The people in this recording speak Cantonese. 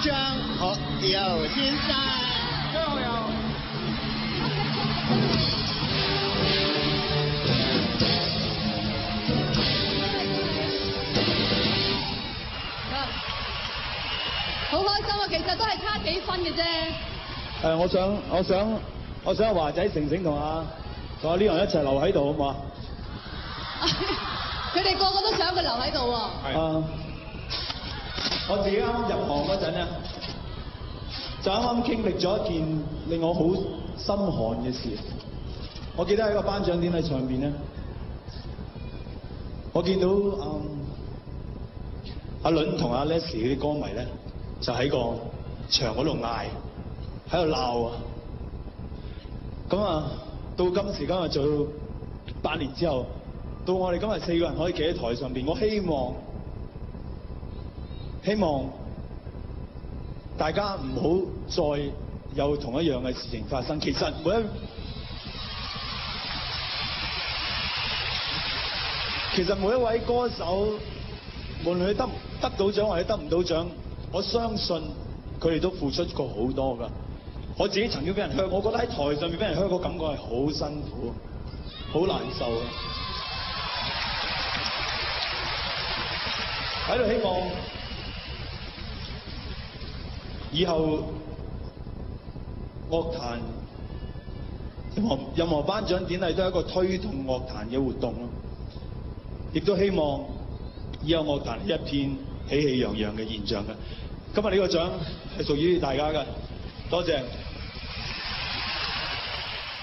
張學友先生，張學友，好、啊、開心啊，其實都係差幾分嘅啫。誒、啊，我想，我想，我想華仔、成成同啊同啊呢樣一齊留喺度，好唔好？佢哋個個都想佢留喺度。係。我自己啱啱入行嗰陣咧，就啱啱經歷咗一件令我好心寒嘅事。我記得喺個頒獎典禮上面，咧，我見到阿、嗯、阿倫同阿 Leslie 嘅啲歌迷咧，就喺個場嗰度嗌，喺度鬧啊！咁啊，到今時今日做到八年之後，到我哋今日四個人可以企喺台上邊，我希望。希望大家唔好再有同一樣嘅事情發生。其實每，其實每一位歌手，無論佢得得到獎或者得唔到獎，我相信佢哋都付出過好多㗎。我自己曾經俾人噓，我覺得喺台上面俾人噓個感覺係好辛苦，好難受。喺度希望。以後樂壇任何任何頒獎典禮都係一個推動樂壇嘅活動咯，亦都希望以後樂壇一片喜氣洋洋嘅現象嘅。今日呢個獎係屬於大家嘅，多謝。